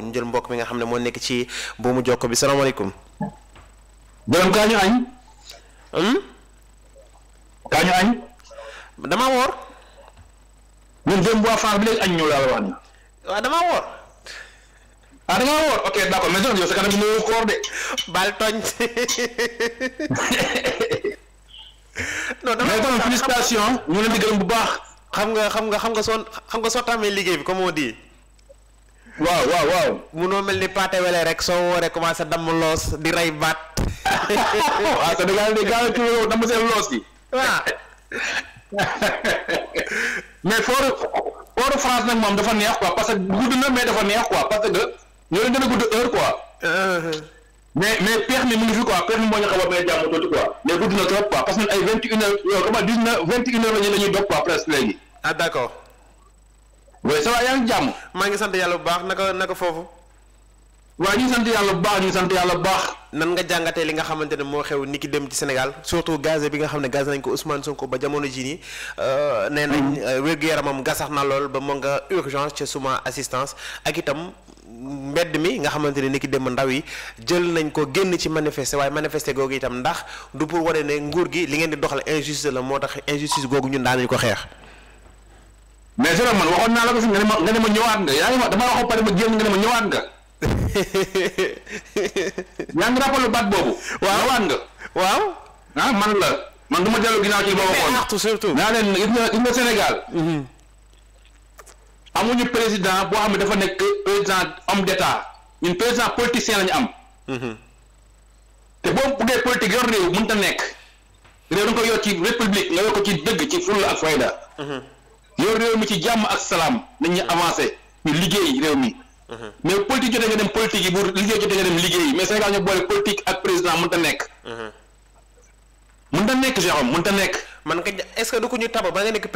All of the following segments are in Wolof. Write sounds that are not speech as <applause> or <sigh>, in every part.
woo mbokk mi nga xam ne moo nekk ci buumu jokk bi salaamaaleykum. borom kaa ñu añ. Hmm? kaa ñu añ. damaa woor. ñun démb waa bi léegi añ ñëw laa la wax ni. waaw damaa woor. ah da ngaa woor ok d' accord mais yow sa kanam ñu koor de. bal tooñ. <laughs> non dama mais kon leen di gërëm bu baax. xam nga xam nga xam nga soo xam nga soo tàmmee liggéey bi comme on dit. waaw waaw waaw. munoo mel ni pâté wele rek soo wooree commencé damm loos di rey baat. <laughs> waaw te da ngaa ne gaa yi damm seen loos yi. waaw. <laughs> mais fooru fooru France nag moom dafa neex quoi parce que gudd na mais dafa neex quoi uh-huh. mais peex mi mu ngi fi quoi peex mi moo ñu xaw a may jàmm tuuti quoi mais gudd na trop quoi parce que ay vingt une heures euh, comment dix vingt une heures la ñuy dog presque léegi. ah d'accord. waaye sa waay yaa ngi jàmm. maa ngi sant yàlla bu baax naka naka foofu. waa ñu sant yàlla bu baax ñu sant yàlla bu baax. nan nga jàngatee li nga xamante ne moo xew ni ki dem ci Sénégal surtout gaze bi nga xam ne gaz nañ ko Ousmane Sonko ba jamono jii nii euh, nee nañ mm. euh, wér-gu-yaramam gasax na lool ba mu nga urgence ci suma assistance ak itam. mbedd mi nga xamante ne ni ki dem ndaw yi jël nañ ko génn ci manifester waaye manifester googu itam ndax du pour wane ne nguur gi li ngeen di doxal injustice la moo tax injustice googu ñun daan nañ ko xeex. mais c'est man waxoon naa la ko fi nga ne ma nga ne ma ñëwaat nga yaa ngi ma dama waxoon pare ma génn nga ne ma ñëwaat nga. <laughs> yaa ngi rappelé baat boobu. waaw ñëwaat nga. waaw ah man la man du ma dellu ginnaaw ci li ma waxoon. naa leen gis nga gis nga Sénégal. Mhm. amuñu président boo xam ne dafa nekk président homme d'état ñun président politicien lañu am. Mhm. te boo buggee politique yor réew mënut nekk réew na ko koy yor ci république nga yor ko ci dëgg ci fulla yor réew mi ci jàmm ak salaam nañu avancé ñu liggéey réew mi mais politique jotee nga dem politique yi bu liggéey jotee nga dem liggéey mais Sénégal ñu boole politique ak président mënut a nekk. mënut a nekk man nga est ko ñu taba ba nga nekk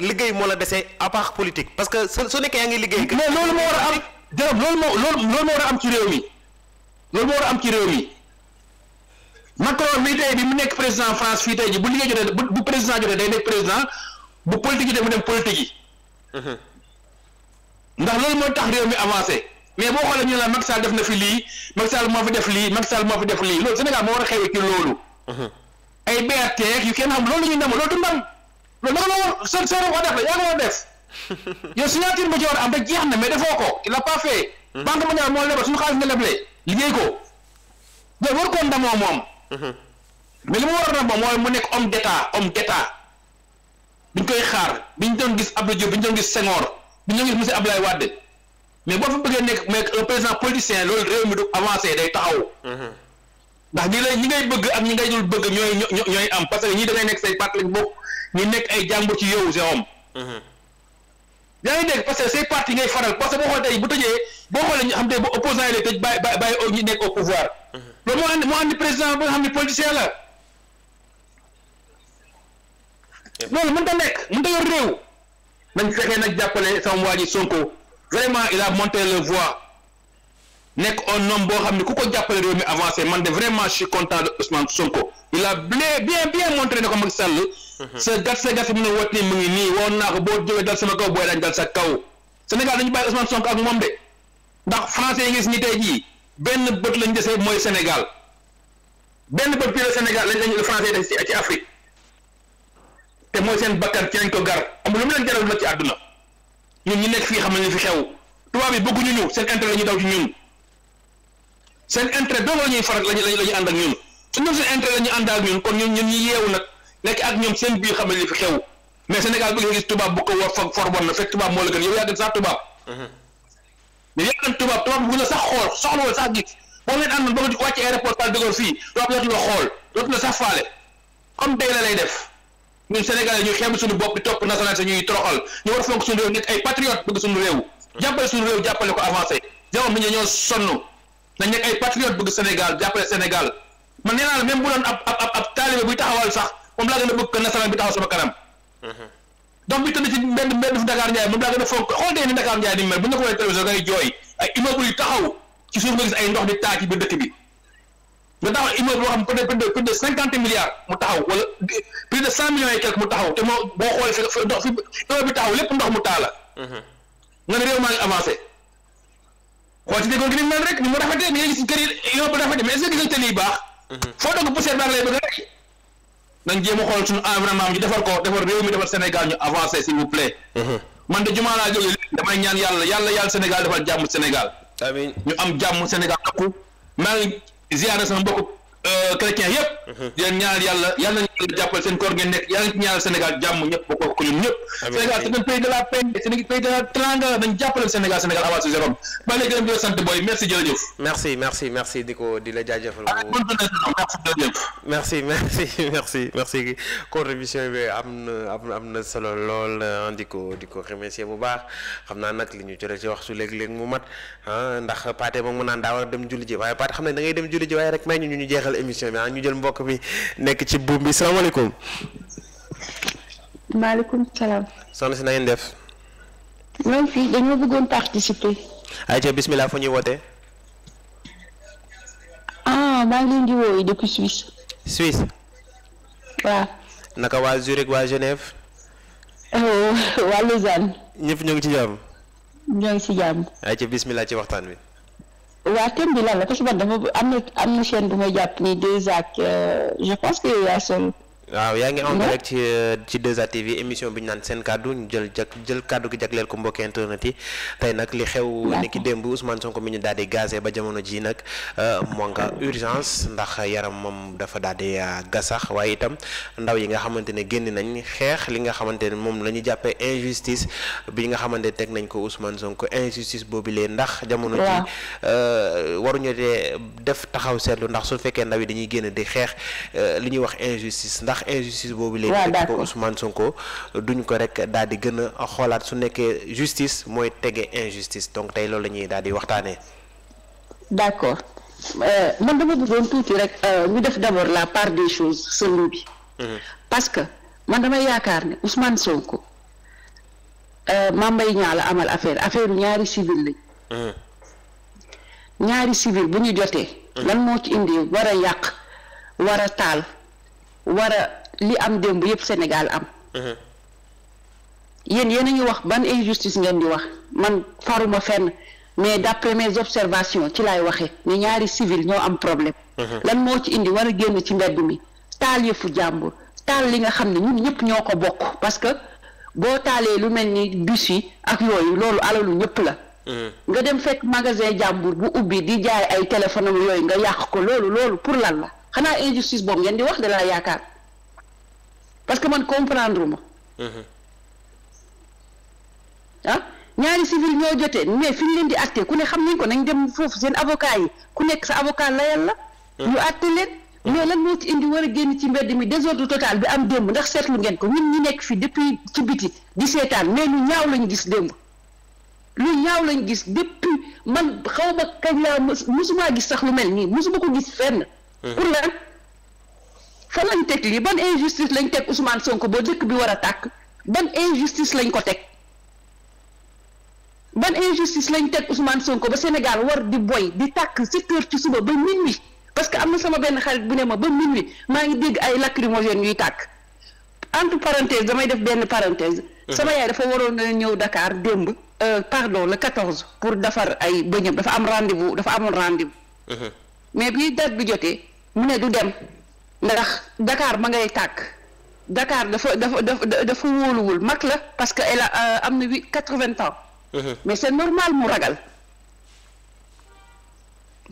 liggéey moo la desee à part parce que su su nekkee yaa ngi liggéey. mais loolu moo war a am Jérôme loolu moo loolu moo war a am ci réew mi loolu moo war a am ci réew mi Macron mii tey bi mu nekk président France fii tey bu liggéey jotee bu président jotee day nekk président. bu politique yi de mu dem politique yi. Mhm. ndax loolu mooy tax réew mi avancé mais boo xoolee ñu ne la def na fi lii Macky Sall moo fi def lii Macky Sall moo fi def lii loolu Sénégal moo war a xewee ci loolu. Mhm. ay BRT yu kenn xam loolu la ñuy du ndam loolu naka la war soo soo war def la yaa a def <laughs> yow ci war am rek jeex na mais defoo ko il a pas fait. Mhm. banque mondiale moo lebal suñu xaalis nga leblee liggéey moom. mais li mu war a mu nekk homme d' état homme buñ koy xaar biñ doon gis Abdou Diop biñ doon gis Senghor biñ doon gis monsieur Abdoulaye Wade mais boo fa bëggee nekk mais un président politicien loolu réew mi du mhm. ñi lay ñi ngay bëgg ak ñi ngay bëgg ñooy ñooy am parce que ñii da ngay nekk say parti lañ bokk nekk ay jàmbur ci yow Jérôme. Mhm. yaa ngi dégg parce yi lay tëj bàyyi au pouvoir. Mhm. moo andi moo andi président ba xam ne politicien la. loolu mënut a nekk mënut a yor réew nañ fekkee nag jàppale sama waa ji Sonko vraiment il a monté le voie nekk un nom boo xam ne ku ko jàppale réew mi avancé man de vraiment je suis content de Ousmane Sonko il a bien bien bien montré ne ko Macky sàll mhm. sa gàtt sa gàtt mu ne wot nii mu ngi nii woon naa ko boo jógee dal sama kaw booy dañ dal sa kaw Sénégal dañu bàyyi Ousmane sonk ak moom de ndax français yi ngis ñi tey jii benn bët lañ desee mooy Sénégal benn bët bii la Sénégal lañ lañ français yi ci Afrique. te mooy seen bakkan ci lañ ko gar amul lu mu leen jaral nag ci àdduna ñun ñi nekk fii xam ne fi xew tubaab yi bëgguñu ñu seen intérêt la ñuy daw ci ñun seen intérêt doo la ñuy faral la ñuy la ñuy ànd ak ñun su ñoom seen intérêt la ñuy ànd ak ñun kon ñun ñun ñu yeewu nag nekk ak ñoom seen biir xam ne fi xew mais Sénégal bëgg nga gis tubaab bu ko war fa for bon na fekk tubaab moo la gën yow yaa sax xool mhm. mais yaa sax xool soxlawul sax gis boo leen àndoon ba nga wàcc aéroport Paul de Gaulle fii tubaab dootu la xool dootu la sax faale comme day lay def ñun sénégalais ñuy xeeb suñu bopp di topp nationalité ñuy toroxal ñu war fonk suñu réew nekk ay patriote bëgg suñu réew jàppale suñu réew jàppale ko avancé jamono bi man nee naa la même bu doon ab ab buy taxawal sax moom laa gën a bëgg que nasaraan bi taxaw sama kanam mm-hmm. donc bi tëdd ci mbedd mbedd fu Dakar Ndiaye moom laa gën a fonk xool tey ni Dakar Ndiaye ni mel bu ñu la ko wone télévision ngay jooy ay immeuble yu taxaw ci suuf nga gis ay ndox di taa ci biir dëkk bi nga taxaw immeuble boo xam peut être plus de cinquante milliards mu taxaw wala plus de cent millions mu taxaw te moo boo xoolee fi ndox fi immeuble bi taxaw lépp ndox mu taa la. Mhm. nga ne réew maa ngi avancé xool ci rek ni mu rafetee ni nga gis kër yi immeuble bi rafetee mais est ce que gis nga tali yi baax. Mhm. foo dogg poussière baax lay bëgg rek. nañ jéem a xool suñu environnement bi defar ko defar réew mi defar Sénégal ñu avancé s'il vous plaît. Mhm. man de jumaa laa jógee damay ñaan yàlla yàlla yàlla Sénégal defal jàmm Sénégal. ñu am jàmm Sénégal ziyaara sama mbokk euh, chrétien yépp mm-hmm. di leen ñaanal yàlla yàlla di jàppale seen koor ngeen nekk yàlla ñaanal Sénégal jàmm ñëpp bokk ko ñun ñëpp Sénégal c'est un pays de la paix c'est un pays de la teranga dañ jàppale Sénégal Sénégal avancé zéro ba léegi di la sant booy <laughs> bi am na na solo lool ah, di ko di bu baax xam naa nag li ñu jore ci waxtu léeg mu mat ah ndax Pathé moom mu naan daa war a dem julli ji waaye Pathé xam ne da ngay dem julli ji waaye rek may ñu ñu jeexal émission bi ah, ñu jël mbokk mi nekk ci buum bi salaamaaleykum. maaleykum salaam. soxna si na ngeen def. maa fi dañoo bëggoon participer. ayca bismillah fu ñuy wootee. ah maa ngi leen di woowee depuis Suisse. Suisse. waaw. naka waa Zurich waa Genève. Oh, <laughs> waa Lausanne. ñëpp ñoo ngi ci jàmm. ñoo ngi ci jàmm. ayca bismillah ci waxtaan wi. waa thème bi lan la parce que man dafa am na am na chaîne bu may jàpp ni deux ak euh, je pense que yow yaa sol waaw yaa ngi en direct ci euh, ci 2A TV émission bi ñu naan seen kàddu ñu jël jag jël kàddu gi jagleel ko mbokki internet yi tey nag li xew ni ki démb Ousmane Sonko mi ñu daal di gazé ba jamono ji nag euh, moo nga ndax yaram moom dafa daal di euh, gasax waaye itam ndaw yi nga xamante ne génn nañ xeex li nga xamante ne moom la ñu jàppee injustice bi nga xamante ne teg nañ ko Ousmane Sonko injustice boobu lee ndax jamono ji waruñu de def taxaw seetlu ndax su fekkee ndaw yi dañuy génn di xeex li ñuy wax injustice ndax ndax injustice boobu léegi teg ko Ousmane Sonko duñu ko rek daal di gën a xoolaat su nekkee justice mooy tege injustice donc tey loolu la ñuy daal di waxtaanee d'accord euh, man dama bëggoon tuuti rek euh, ñu def d'abord la part des choses sëriñ bi mhm. parce que man damay yaakaar ni ousman Sonko euh, Mame Mbaye Niang la amal affaire affaire ñaari civil lañ mhm. ñaari civil bu ñu jotee mhm. lan moo ci indi war a yàq war a taal war a li am démb yépp Sénégal am uh-huh. yéen yéen a ngi wax ban injustice ngeen di wax man faruma fenn mais d'après mes observations ci laay waxee ne ñaari civil ñoo am problème uh-huh. lan moo ci indi war a génn ci mbedd mi taal yëfu jàmbur taal li nga xam ne ñun ñëpp ñoo ko bokk parce que boo taalee lu mel ni bus yi ak yooyu loolu alalu ñëpp la uh-huh. nga dem fekk magasin jàmbur bu ubbi di jaay ay téléphone am yooyu nga yàq ko loolu loolu pour lan la xanaa injustice boobu ngeen di wax da la yaakaar parce que man comprendre ma mhm. ah ñaari civil ñoo jotee mais fi ñu leen di àtte ku ne xam nañ ko nañ dem foofu seen avocat yi ku nekk sa avocat layal la mhm. ñu àtte leen mhm. mais lan moo ci indi war a génn ci mbedd mi désordre total bi am démb ndax seetlu ngeen ko ñun ñu nekk fii depuis ci biti di seetaan mais lu ñaaw lañu gis démb lu ñaaw lañ gis depuis man xaw ma kañ laa mës mësuma gis sax lu mel nii mësuma ko gis fenn Mhm. pour lan fa lañ teg lii ban injustice lañ teg Ousmane Sonko ba dëkk bi war a tàkk ban injustice lañ ko teg ban injustice lañ teg Ousmane Sonko ba Sénégal war di boy di tàkk sept heures ci suba ba minuit parce que am na sama benn xarit bu ne ma ba minuit maa ngi dégg ay lacrymogènes yuy tàkk entre parenthèse damay def benn parenthèse. Mhm. sama yaay dafa waroon na ñëw Dakar démb. Euh, pardon la quatorze pour defar ay bëñam dafa am rendez-vous dafa amoon rendez-vous. Mhm. mais bii date bi jotee mu ne du dem ndax Dakar ma ngay tàkk dakaar dafa dafa dafa dafa wóoluwul mag la parce que elle a euh, am na huit quatre-vingts ans. Uh-huh. mais c'est normal mu ragal.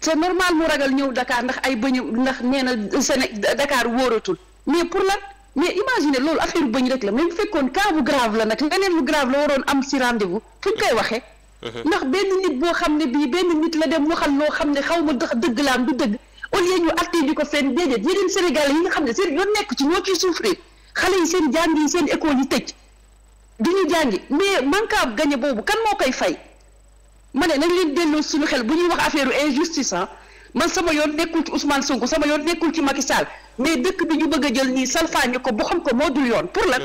c'est normal mu ragal ñëw Dakar ndax ay bëñ ndax nee na Séné Dakar wóoratul mais pour lan mais imaginez loolu affaire bëñ rek la mais bu fekkoon cas bu grave la nag leneen lu grave la waroon am ci rendez-vous fu ñu koy uh-huh. waxee. Uh-huh. ndax benn nit boo xam ne bii benn nit la dem waxal loo xam ne xaw ma dëgg laam du dëgg au lieu ñu acté ji ko fenn déedéet yeneen Sénégal yi nga xam ne seen yoon nekk ci ñoo ciy souffrir xale yi seen jàng yi seen école yi tëj du ñu jàngi mais manque à gagner boobu kan moo koy fay ma ne nañ leen delloo suñu xel bu ñuy wax affaire injustice ah man sama yoon nekkul ci Ousmane Sonko sama yoon nekkul ci Macky Sall mais dëkk bi ñu bëgg a jël nii salfaañe ko boo xam ko moo dul yoon pour lan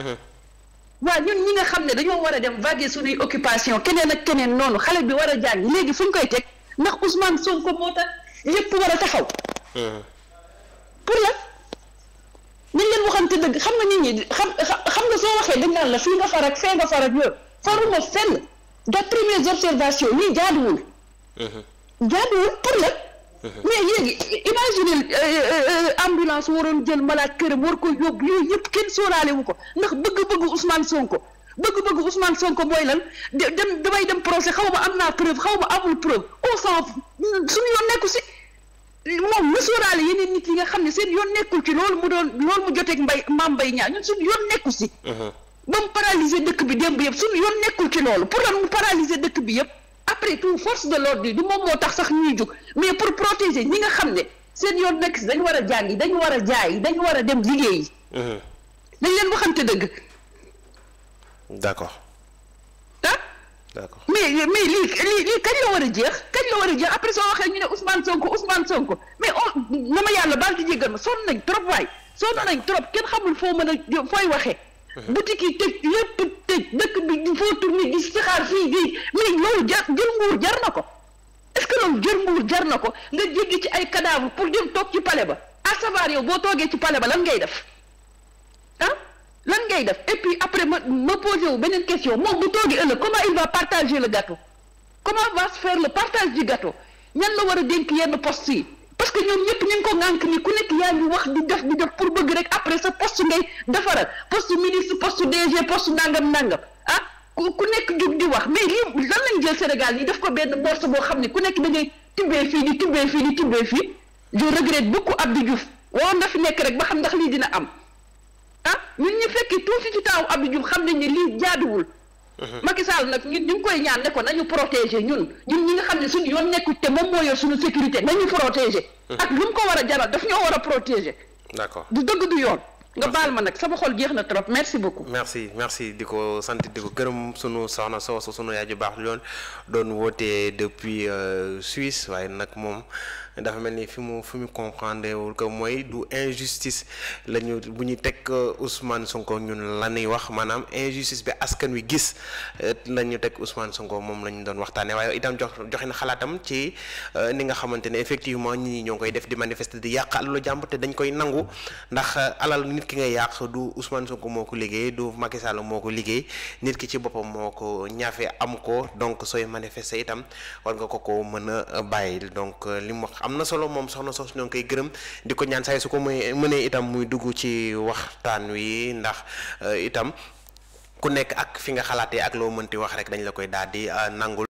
waa ñun ñi nga xam ne dañoo war a dem vaguer suñuy occupation keneen ak keneen noonu xale bi war a jàng léegi fu ñu koy teg ndax Ousmane Sonko moo tax yëpp war a taxaw pour lan nañ leen waxante dëgg xam nga nit ñi xam xam nga soo waxee dañ la fi nga far fee nga far ak yooyu faruma fenn de premières observations lii jaaduwul jaaduwul pour lan mais léegi imaginez euh, euh, euh, ambulance waroon jël malade këram war ko yóbbu yooyu yëpp kenn sóoraale wu ko ndax bëgg-bëgg Ousmane Sonko bëgg-bëgg Ousmane Sonko mooy lan dem damay dem procès xaw ma am naa preuve xaw ma amul preuve on s'en suñu yoon nekku si moom na sóoraale yeneen nit yi nga xam ne seen yoon nekkul ci loolu mu doon loolu mu joteeg mbay mbaam mbay ñaar ñun suñu yoon nekku si uh-huh. ba mu paralysé dëkk bi démb yëpp suñu yoon nekkul ci loolu pour lan mu paralysé dëkk bi yëpp après tout force de l'ordre yi du moom moo tax sax ñuy jóg mais pour protéger ñi nga xam ne seen yoon nekk si dañu war a jàng yi dañu war a jaay yi dañu war a dem liggéey yi dañ uh-huh. leen waxante dëgg d'accord ah d'accord mais mais lii lii war a jeex kañ la war a jël après soo waxee ñu ne Ousmane Sonko Ousmane Sonko mais on oh, na ma yàlla baal di jéggal ma sonn nañ trop waay sonn nañ trop kenn xamul foo mën a fooy waxee. Uh-huh. boutique yi tëj lépp tëj dëkk bi foo tourné gis saxaar fii gii mais loolu jar jël nguur jar na ko est-ce que loolu jël nguur jar na ko nga jéggi ci ay cadavre pour jëm toog ci palais ba à savoir yow boo toogee ci palais ba lan ngay def ah lan ngay def et puis après ma ma posé wu beneen question moom bu toogee ëllëg comment il va partager le gâteau. comment va se partage du ñan la war a dénk yenn poste yi parce que ñoom ñëpp ñu ngi ko ku nekk yaa ngi wax di def di def pour bëgg rek après sa poste ngay defaral poste ministre poste DG poste nangam nangam ah, ku nekk jug di wax mais lii lan lañ jël Sénégal yi def ko benn borse boo xam ne ku nekk da ngay tibbee fii di tibbee fii di tibbee fii je regrette beaucoup Abdou Diouf waroon fi nekk rek ba xam ndax lii dina am ah ñun ñu fekkee tuuti ci taawu Abdou Diouf xam nañ ne lii jaaduwul. Mhm. Macky Sall nag ñu ngi koy ñaan ne ko nañu protéger ñun ñun ñi nga xam ne suñu yoon nekkul te moom moo yor suñu sécurité nañu protéger. Mhm. ak lu mu ko war a jaral daf ñoo war a protéger. d'accord du dëgg du yoon. nga baal ma nag sama xol jeex na trop merci beaucoup. merci merci di ko sant di ko gërëm sunu soxna soosu sunu yaay ju baax loon doon wootee depuis euh, Suisse waaye nag moom. dafa mel ni fi mu fi mu comprendre wul que mooy du injustice la ñu bu ñu teg euh, Ousmane Sonko ñun la ñuy wax maanaam injustice bi askan wi gis euh, la ñu teg Ousmane Sonko moom la ñu doon waxtaanee waaye itam jox joxe na xalaatam ci euh, ni nga xamante ne effectivement ñi ñoo ngi koy def di manifester di yàq alalu jàmbur te dañ koy nangu ndax alal nit ki ngay yàq du usman Sonko moo ko liggéey du Macky moo ko liggéey nit ki ci boppam moo ko ñaafe am ko donc sooy manifester itam war nga ko ko mën a bàyyi donc li wax am na solo moom soxna soos ñoo ngi koy gërëm di ko ñaan saay su ko muy mënee itam muy dugg ci waxtaan wi ndax euh, itam ku nekk ak fi nga xalaatee ak loo mënti wax rek dañ la koy daal di euh, nangul